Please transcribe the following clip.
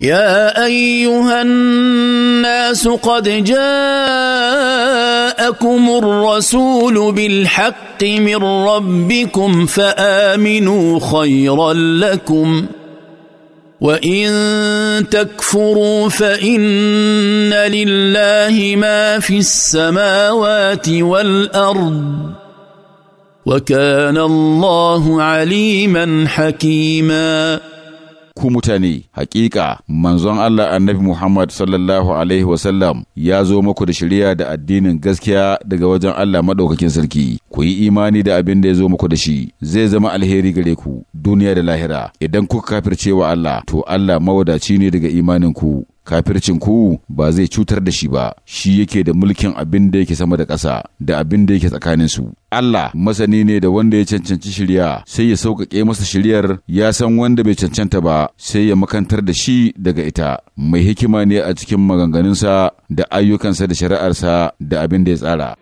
يا ايها الناس قد جاءكم الرسول بالحق من ربكم فامنوا خيرا لكم وان تكفروا فان لله ما في السماوات والارض وكان الله عليما حكيما ku mutane hakika manzon Allah annabi Muhammad sallallahu alaihi wasallam ya zo muku da shari'a da addinin gaskiya daga wajen Allah madaukakin sarki ku yi imani da abin da ya zo muku da shi zai zama alheri gare ku duniya da lahira idan kuka kafircewa Allah to Allah mawadaci ne daga imanin ku kafircin ku ba zai cutar da shi ba shi yake da mulkin abin da yake sama da ƙasa da abin da yake tsakanin su Allah masani ne da wanda ya cancanci shirya sai ya sauƙaƙe masa shiryar ya san wanda bai cancanta ba sai ya makantar da shi daga ita mai hikima ne a cikin maganganunsa da ayyukansa da shari'arsa da abin da ya tsara